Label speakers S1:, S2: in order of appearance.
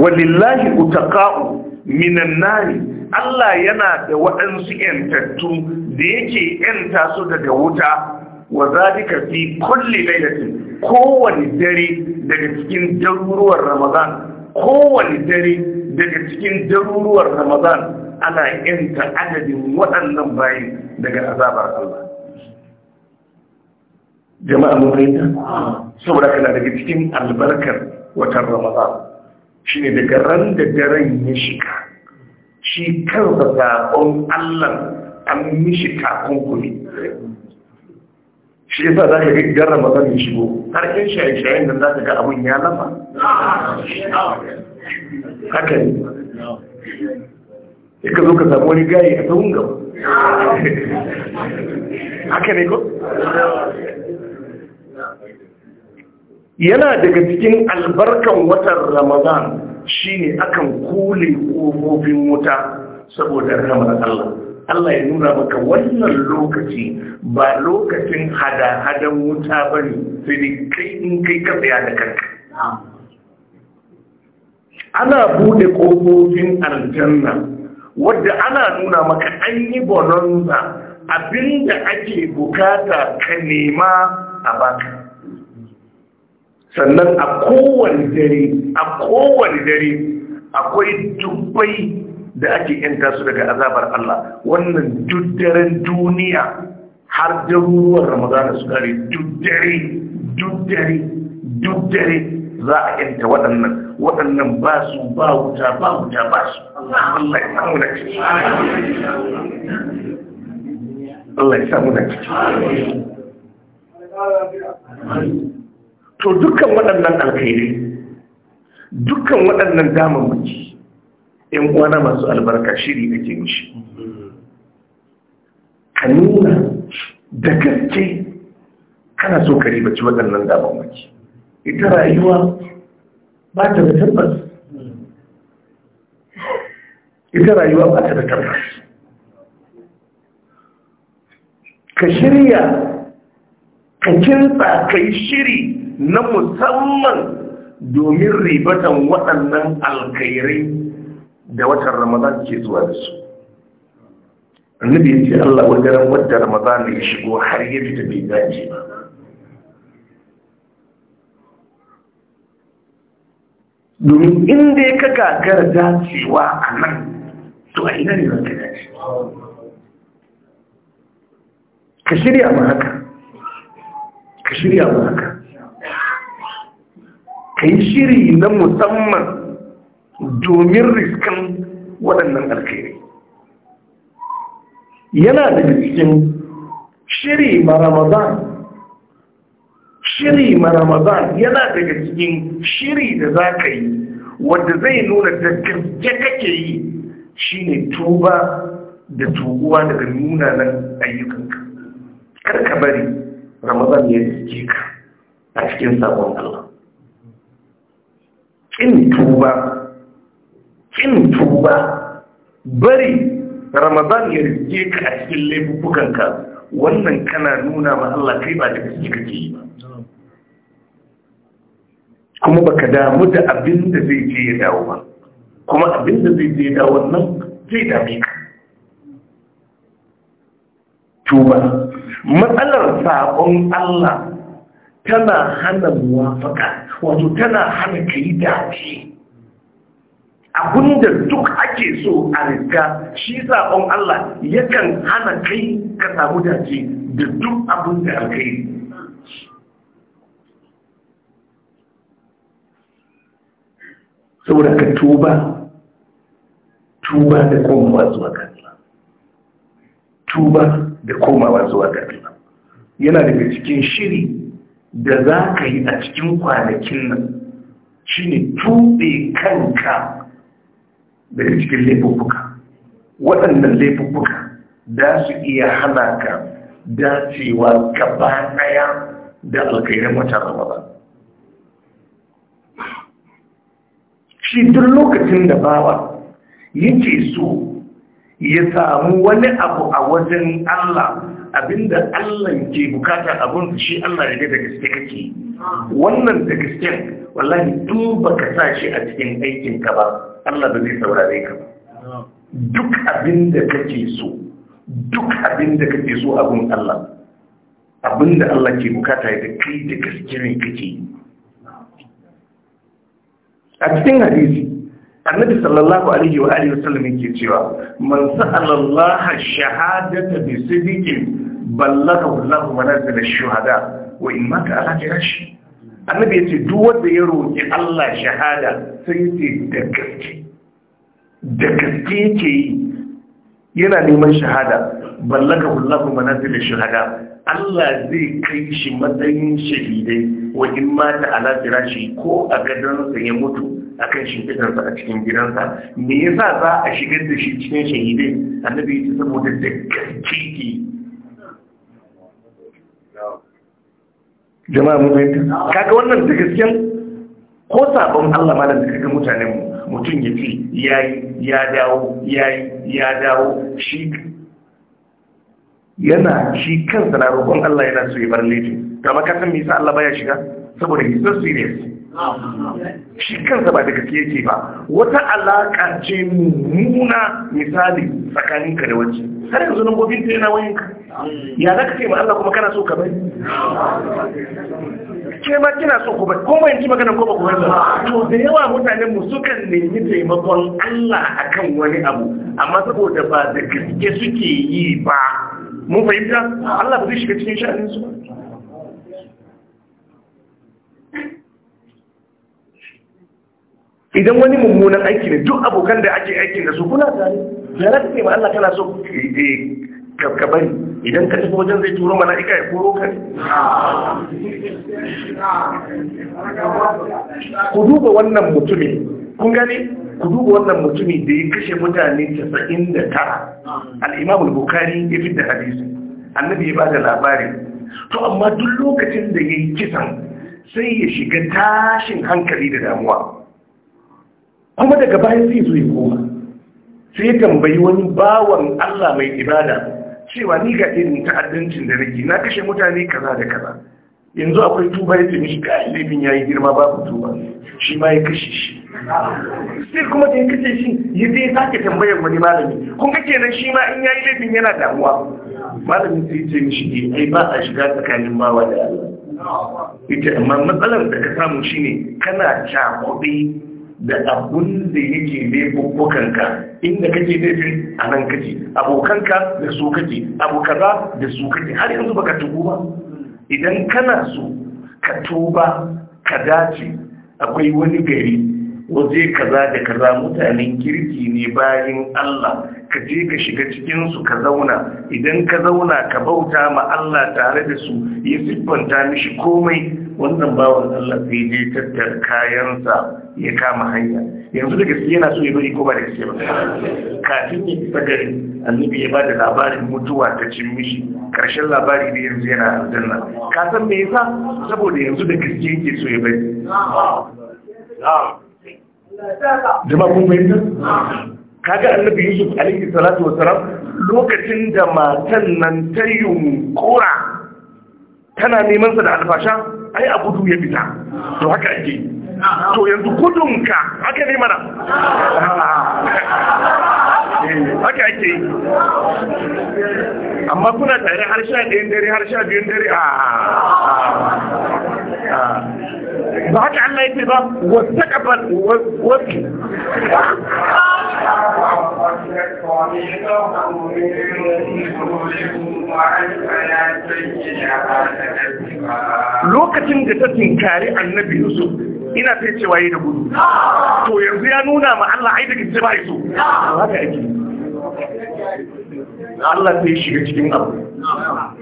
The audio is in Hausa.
S1: walillahi utaqa'u minan nari Allah yana da waɗansu yantattu da yake yanta su daga wuta wa zalika fi kulli lailatin kowani dare daga cikin daruruwar Ramadan kowani dare daga cikin daruruwar Ramadan ana yanta adadin waɗannan bayi daga azabar Allah jama'a mun fahimta saboda kana daga cikin albarkar watan Ramadan shi ne daga ran da daren ya shiga shi kansa saƙon allan an mishi kuri shi yasa za ka ga ramadan ya shigo har in shaye-shayen da za ka ga abin ya lama haka ne ya ka zo ka samu wani gaye a tsawon gaba haka ne ko yana daga cikin albarkan watan ramadan ne akan kule ƙofofin wuta saboda ramar Allah Allah ya nuna maka wannan lokaci ba lokacin hada-hadan wuta ba ne sai dai kai in kai ka tsaya da kanka ana bude ƙofofin aljanna wadda ana nuna maka an yi bononza abinda ake bukata ka nema a baka sannan a kowane dare a kowane dare akwai dubbai da ake yanta su daga azabar Allah wannan duddaren duniya har ruwan ramadana su kare duddare-duddare-duddare za a yanta waɗannan waɗannan ba su ba wuta ba wuta ba su Allah ya samu da ciki Allah ya samu da to dukkan waɗannan alkhairi dukkan waɗannan damammaki ‘yan uwana masu albarka shiri ake mishi ka nuna da gaske kana so ka ribaci waɗannan damammaki ita rayuwa ba ta da tabbas ita rayuwa ba ta da tabbas ka shirya ka kinsa ka yi shiri na musamman domin ribatan waɗannan alkairai da watan ramadan ke zuwa da su annabi ya ce Allah wajen wadda ramadan ya shigo har ya fita bai dace ba domin inda ya kaga gara dacewa a nan to a ina ne zan ka dace ka shirya ma haka ka shirya maka ka yi shiri na musamman domin riskan waɗannan alkhairi yana da cikin shiri ma shiri ma yana daga cikin shiri da za ka yi wanda zai nuna da gaske kake yi shine tuba da tuguwa daga munanan ayyukanka karka bari ramadan ya riske ka a cikin sabon Allah kin tuba kin tuba bari ramadan ya riske ka a cikin laifukanka wannan kana nuna ma Allah kai ba da gaske kake yi ba kuma baka damu da abin da zai je ya dawo ba kuma abin da zai je ya dawo nan zai dame ka tuba matsalar saƙon Allah tana hana muwafaka wato tana hana ka yi dace abinda duk ake so a riga shi saƙon Allah yakan hana kai ka samu dace da duk abin da yi. saboda ka tuba tuba da kuma zuwa kansa tuba da komawa zuwa ga yana daga cikin shiri da za ka yi a cikin kwanakin nan shi ne tuɓe kanka daga cikin laifuka waɗannan laifuka da su iya hana ka dacewa gaba ɗaya da alkairin watan ramadan shi duk lokacin da bawa yake so ya samu wani abu a wajen Allah abinda Allah ke bukata abun shi Allah ya da gaske kake wannan da gaske wallahi tun baka sa shi a cikin aikin ka ba Allah ba zai saurare ka ba duk abinda kake so duk abinda kake so abun Allah abinda Allah ke bukata ya kai da gaske ne kake a cikin hadisi annabi sallallahu alaihi wa alihi wasallam yake cewa man sa'ala Allah shahadata bi sidqin ballaghahu Allah manazil ash-shuhada wa in mata ala firashi annabi yace duk wanda ya roki Allah shahada sai yace da gaske da gaske yake yana neman shahada ballaghahu Allah manazil ash-shuhada Allah zai kai shi matsayin shahidai wa in mata ala firashi ko a gadonsa ya mutu a kan shimfidansa a cikin gidansa me yasa za a shigar da shi cikin shahidai annabi ya ce saboda da gaske jama'a mun fahimta kaga wannan da gaskiyan ko sabon Allah malam da kaga mutanen mu mutum ya ce yayi ya dawo yayi ya dawo shi yana shi kansa na roƙon Allah yana so ya bar laifin kama ka san me yasa Allah baya shiga saboda he's not serious shi kansa ba da gaske yake ba wata alaƙa ce mummuna misali tsakanin ka da wacce har yanzu nan gobin ta yana wayin ka ya za ka ce ma Allah kuma kana so ka bai ke ma kina so ku bai kuma yanzu magana ko ba ku rasa to da yawa mutanen mu sukan nemi taimakon Allah akan wani abu amma saboda ba da gaske suke yi ba mun fahimta Allah ba zai shiga cikin sha'anin su ba idan wani mummunan aiki ne duk abokan da ake aiki da su kuna tare ya za ma Allah kana so eh, eh, ka bari idan ka tafi wajen zai turo mala'ika ya koro ka ku duba wannan mutumi kun gani ku duba wannan mutumi da ya kashe mutane 99 da imam al-Bukhari ya da hadisi annabi ya bada labari to amma duk lokacin da ya yi kisan sai ya shiga tashin hankali da damuwa kuma daga bayan sai zo ya koma sai ya tambayi wani bawan Allah mai ibada cewa ni ga irin ta'addancin da nake na kashe mutane kaza da kaza yanzu akwai tuba ya taimi shi kai laifin yi girma babu tuba shi ma ya kashe shi sai kuma da ya kashe shi ya zai sake tambayar wani malami kun kake nan shi ma in ya yi laifin yana damuwa malamin sai ce mishi eh, ai ba a shiga tsakanin bawa da Allah ita amma matsalar da ka samu shine kana cakuɗe da abun da yake ka inda kake laifin a nan kake abokanka da su kake abu da su kake har yanzu baka tubu ba idan kana so ka tuba ka dace akwai wani gari waje kaza da kaza mutanen kirki ne bayan Allah ka je ka shiga cikin su ka zauna idan ka zauna ka bauta ma Allah tare da su ya siffanta mishi komai wannan bawan Allah sai je tattar kayansa ya kama hanya yanzu da gaske yana so ya bari ko ba da gaske ba kafin ya isa gari annabi ya bada labarin mutuwa ta cin mishi karshen labari ne yanzu yana aljanna ka san me yasa saboda yanzu da gaske yake so ya bari jama'a kun fahimta kaga annabi Yusuf alaihi salatu wasalam lokacin da matan nan ta yunkura kana neman sa da alfasha ai a gudu ya fita to haka ake to yanzu gudunka haka ne mana ah, haka ake amma kuna tare har sha ɗayan dare har sha biyun dare a ah, ah, ba haka Allah ya ce ba wasu kafar wasu lokacin da ta tinkari annabi yusuf ina ta cewa yi da gudu to yanzu ya nuna ma Allah ai daga ce ba yi so Allah ta yi shiga cikin abu